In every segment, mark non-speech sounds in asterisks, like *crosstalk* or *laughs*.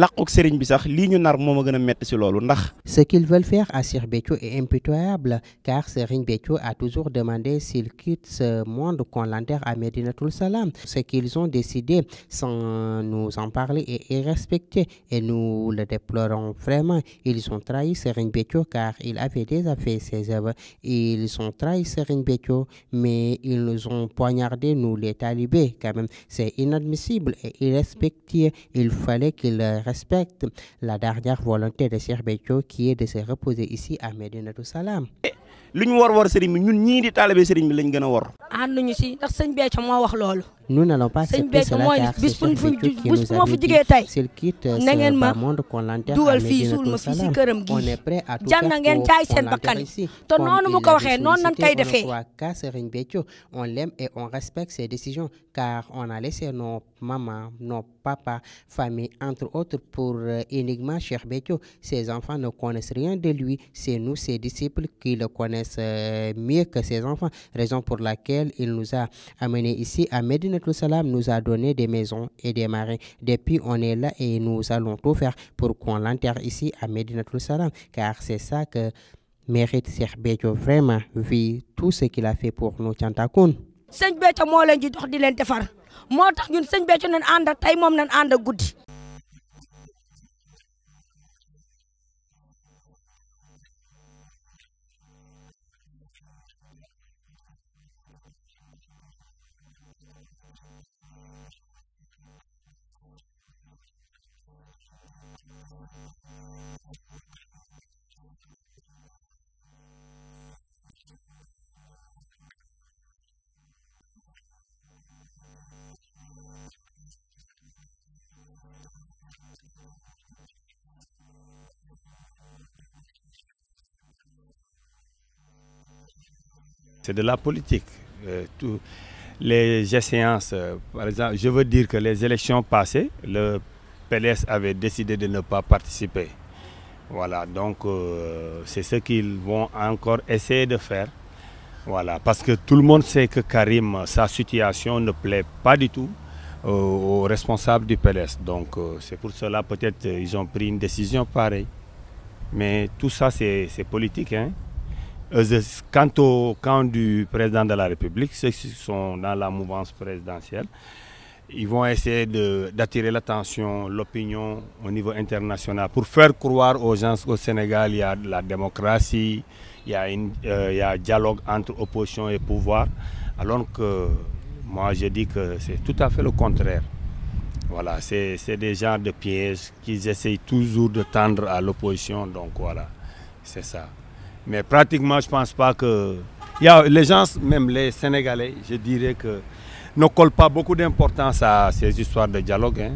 làquk sëriñ bi sax lii ñu nar moom a gën a metti si loolu ndax Ce qu'ils veulent faire à Sir est impitoyable, car Sir Béthio a toujours demandé s'il quitte ce monde qu'on l'enterre à Medina Salam. Ce qu'ils ont décidé sans nous en parler est irrespecté et nous le déplorons vraiment. Ils ont trahi Sir Béthio car il avait déjà fait ses œuvres. Ils ont trahi Serine Béthio, mais ils nous ont poignardé, nous les talibés, quand même. C'est inadmissible et irrespecté. Il fallait qu'ils respectent la dernière volonté de Sir Béthio qui de se reposer ici à Medina Salam. Ce nous n'allons pas accepter cela c'est qui nous s'il quitte ce monde qu'on l'enterre On est prêt à tout faire pour ici. on l'aime et on respecte ses décisions car on a laissé nos mamans, nos papas, familles, entre autres, pour énigma euh, cher Cheikh Ses enfants ne connaissent rien de lui. C'est nous, ses disciples, qui le connaissent euh, mieux que ses enfants, raison pour laquelle il nous a amenés ici à une salam nous a donné des maisons et des marins. Depuis, on est là et nous allons tout faire pour qu'on l'enterre ici à Medina Salam, car c'est ça que mérite Cheikh Bédio vraiment, vu tout ce qu'il a fait pour nous Tiantakoun. je di dox di tax ñun C'est de la politique. Euh, les séances, euh, par exemple, je veux dire que les élections passées, le PLS avait décidé de ne pas participer. Voilà, donc euh, c'est ce qu'ils vont encore essayer de faire. Voilà, parce que tout le monde sait que Karim, sa situation ne plaît pas du tout aux responsables du PLS. Donc c'est pour cela peut-être qu'ils ont pris une décision pareille. Mais tout ça c'est politique. Hein. Euh, quant au camp du président de la République, ceux qui sont dans la mouvance présidentielle, ils vont essayer d'attirer l'attention, l'opinion au niveau international pour faire croire aux gens qu'au Sénégal, il y a de la démocratie, euh, il y a, un dialogue entre opposition et pouvoir, alors que moi je dis que c'est tout à fait le contraire. Voilà, c'est des gens de pièges qu'ils essayent toujours de tendre à l'opposition, donc voilà, c'est ça. Mais pratiquement, je ne pense pas que... Il y a, les gens, même les Sénégalais, je dirais que ne collent pas beaucoup d'importance à ces histoires de dialogue. Hein.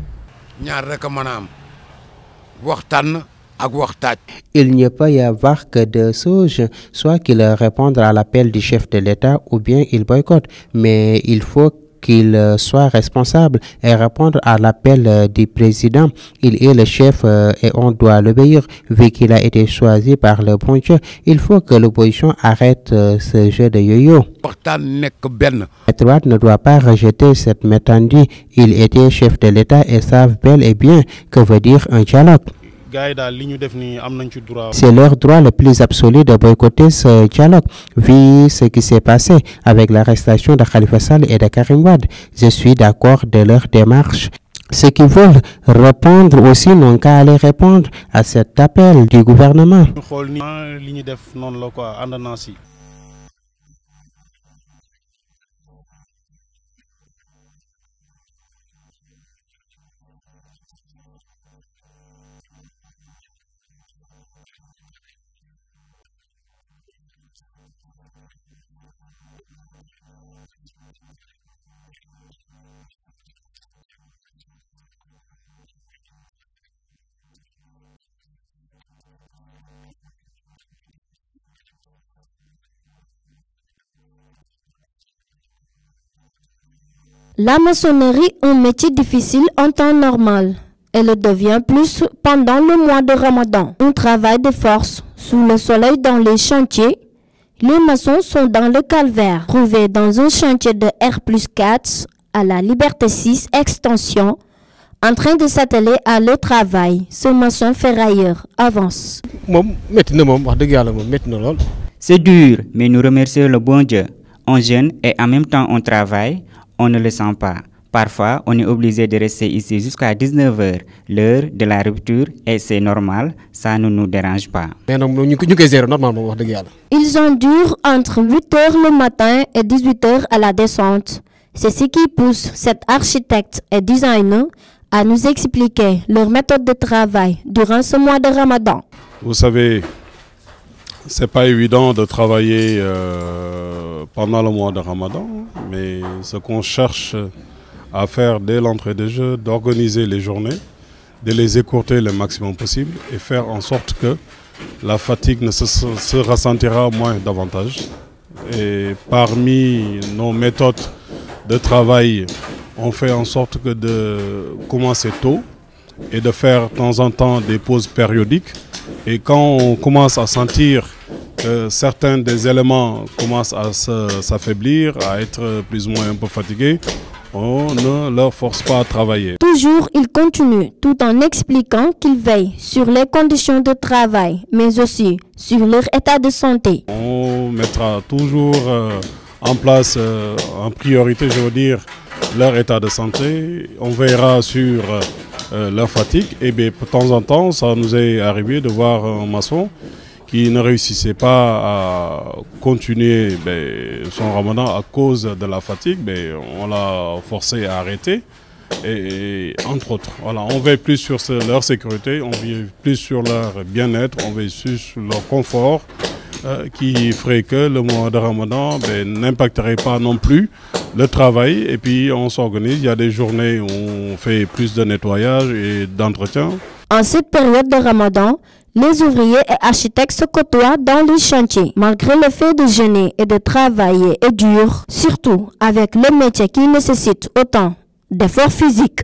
Il n'y peut y avoir que deux choses, soit qu'il répondent à l'appel du chef de l'État ou bien il boycottent. Mais il faut qu'il euh, soit responsable et répondre à l'appel euh, du président. Il est le chef euh, et on doit l'obéir vu qu'il a été choisi par le bon Dieu. Il faut que l'opposition arrête ce jeu de yo-yo. droite ne doit pas rejeter cette méthode. Il était chef de l'État et savent bel et bien que veut dire un dialogue. C'est leur droit le plus absolu de boycotter ce dialogue, vu ce qui s'est passé avec l'arrestation de Khalifa Sall et de Karim Wad. Je suis d'accord de leur démarche. Ceux qui veulent répondre aussi n'ont qu'à aller répondre à cet appel du gouvernement. La maçonnerie est un métier difficile en temps normal. Elle devient plus pendant le mois de Ramadan. On travaille de force, sous le soleil dans les chantiers. Les maçons sont dans le calvaire, trouvés dans un chantier de R 4 à la Liberté 6 Extension, en train de s'atteler à le travail. Ce maçon ferrailleur avance. C'est dur, mais nous remercions le bon Dieu. On jeûne et en même temps on travaille on ne le sent pas. Parfois, on est obligé de rester ici jusqu'à 19h, l'heure de la rupture, et c'est normal, ça ne nous dérange pas. Ils endurent entre 8h le matin et 18h à la descente. C'est ce qui pousse cet architecte et designer à nous expliquer leur méthode de travail durant ce mois de Ramadan. Vous savez, c'est pas évident de travailler euh, euh, pendant le mois de Ramadan, mais ce qu'on cherche à faire dès l'entrée des jeux, d'organiser les journées, de les écourter le maximum possible et faire en sorte que la fatigue ne se, se ressentira moins davantage. Et parmi nos méthodes de travail, on fait en sorte que de commencer tôt et de faire de temps en temps des pauses périodiques. Et quand on commence à sentir euh, certains des éléments commencent à s'affaiblir, à être plus ou moins un peu fatigués, on ne leur force pas à travailler. Toujours, ils continuent tout en expliquant qu'ils veillent sur les conditions de travail, mais aussi sur leur état de santé. On mettra toujours euh, en place, euh, en priorité, je veux dire, leur état de santé. On veillera sur leur fatigue. Et eh bien, de temps en temps, ça nous est arrivé de voir un maçon qui ne réussissait pas à continuer ben, son ramadan à cause de la fatigue, ben, on l'a forcé à arrêter. Et, entre autres, voilà, on veille plus sur leur sécurité, on veille plus sur leur bien-être, on veille plus sur leur confort, euh, qui ferait que le mois de Ramadan ben, n'impacterait pas non plus le travail. Et puis on s'organise, il y a des journées où on fait plus de nettoyage et d'entretien. En cette période de Ramadan, les ouvriers et architectes se côtoient dans les chantiers. Malgré le fait de jeûner et de travailler et dur, surtout avec le métier qui nécessite autant d'efforts physiques.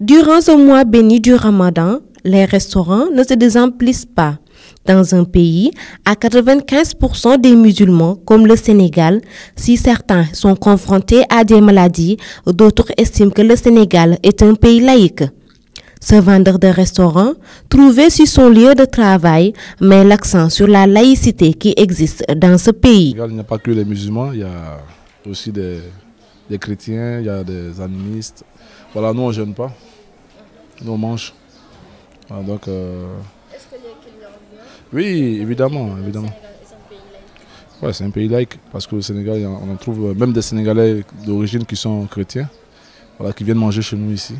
Durant ce mois béni du Ramadan, les restaurants ne se désemplissent pas. Dans un pays à 95% des musulmans, comme le Sénégal, si certains sont confrontés à des maladies, d'autres estiment que le Sénégal est un pays laïque. Ce vendeur de restaurants, trouvé sur son lieu de travail, met l'accent sur la laïcité qui existe dans ce pays. Il n'y a pas que les musulmans, il y a aussi des, des chrétiens, il y a des animistes. Voilà, nous on ne gêne pas. Nous, manches. donc, euh, Est-ce que les clients viennent Oui, évidemment, évidemment. Ouais, c'est un pays like parce au Sénégal, on en trouve euh, même des Sénégalais d'origine qui sont chrétiens, voilà, qui viennent manger chez nous ici.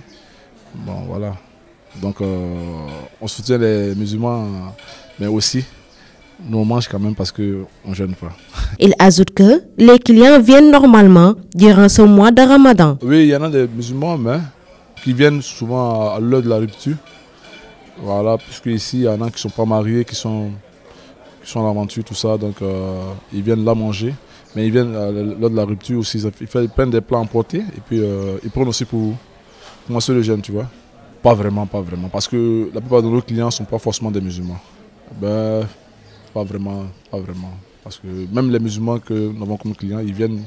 Bon, voilà. Donc, euh, on soutient les musulmans, mais aussi, nous on mange quand même parce qu'on ne jeûne pas. *laughs* Il ajoute que les clients viennent normalement durant ce mois de Ramadan. Oui, il y en a des musulmans, mais qui viennent souvent à l'heure de la rupture. Voilà, puisque ici, il y en a qui ne sont pas mariés, qui sont, qui sont en tout ça. Donc, euh, ils viennent là manger. Mais ils viennent à euh, l'heure de la rupture aussi. Ils, prennent des plats emportés et puis euh, ils prennent aussi pour commencer le jeûne, tu vois. Pas vraiment, pas vraiment. Parce que la plupart de nos clients ne sont pas forcément des musulmans. Ben, pas vraiment, pas vraiment. Parce que même les musulmans que nous avons comme clients, ils viennent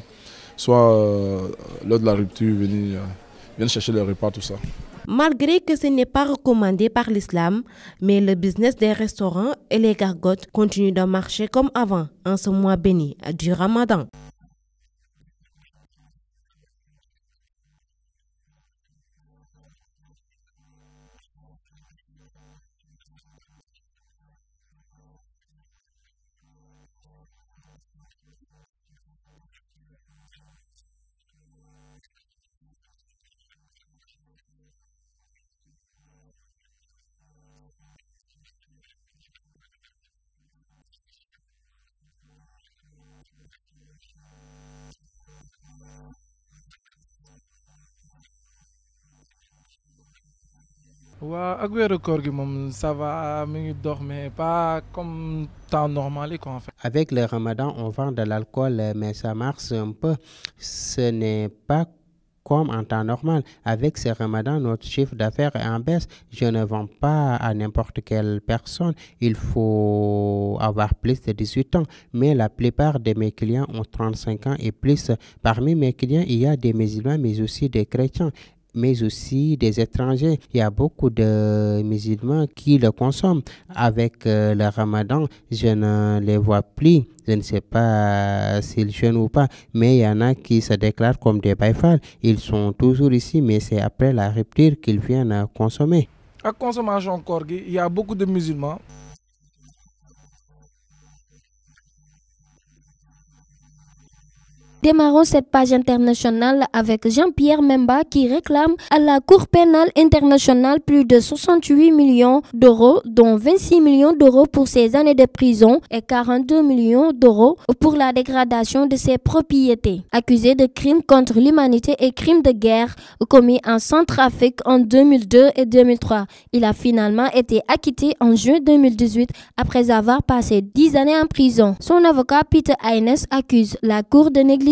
soit euh, lors de la rupture, venir chercher le repas, tout ça. Malgré que ce n'est pas recommandé par l'islam, mais le business des restaurants et les gargotes continue de marcher comme avant en ce mois béni du ramadan. avec le ramadan on vend de l'alcool mais ça marche un peu ce n'est pas comme en temps normal avec ce ramadan notre chiffre d'affaires est en baisse je ne vends pas à n'importe quelle personne il faut avoir plus de 18 ans mais la plupart de mes clients ont 35 ans et plus parmi mes clients il y a des musulmans mais aussi des chrétiens mais aussi des étrangers. Il y a beaucoup de musulmans qui le consomment. Avec euh, le ramadan, je ne les vois plus. Je ne sais pas euh, s'ils jeûnent ou pas, mais il y en a qui se déclarent comme des baïfals. Ils sont toujours ici, mais c'est après la rupture qu'ils viennent consommer. À consommation encore, il y a beaucoup de musulmans Démarrons cette page internationale avec Jean-Pierre Memba qui réclame à la Cour pénale internationale plus de 68 millions d'euros, dont 26 millions d'euros pour ses années de prison et 42 millions d'euros pour la dégradation de ses propriétés. Accusé de crimes contre l'humanité et crimes de guerre commis en Centrafrique en 2002 et 2003, il a finalement été acquitté en juin 2018 après avoir passé 10 années en prison. Son avocat Peter Aines accuse la Cour de négligence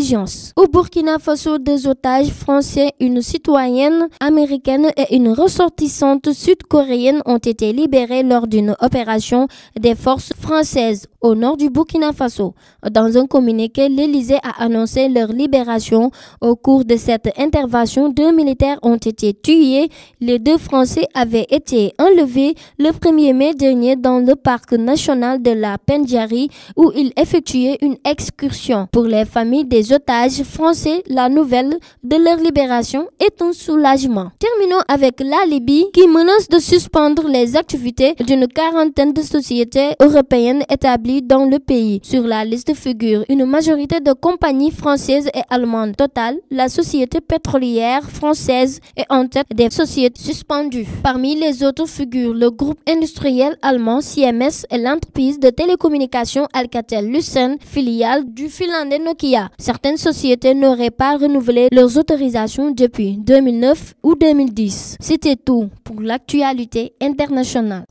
au Burkina Faso, deux otages français, une citoyenne américaine et une ressortissante sud-coréenne ont été libérés lors d'une opération des forces françaises au nord du Burkina Faso. Dans un communiqué, l'Elysée a annoncé leur libération. Au cours de cette intervention, deux militaires ont été tués. Les deux Français avaient été enlevés le 1er mai dernier dans le parc national de la Pendjari où ils effectuaient une excursion. Pour les familles des otages français, la nouvelle de leur libération est un soulagement. Terminons avec la Libye qui menace de suspendre les activités d'une quarantaine de sociétés européennes établies dans le pays. Sur la liste figure une majorité de compagnies françaises et allemandes. Total, la société pétrolière française est en tête des sociétés suspendues. Parmi les autres figurent le groupe industriel allemand CMS et l'entreprise de télécommunications Alcatel-Lucent, filiale du finlandais Nokia certaines sociétés n'auraient pas renouvelé leurs autorisations depuis 2009 ou 2010. C'était tout pour l'actualité internationale.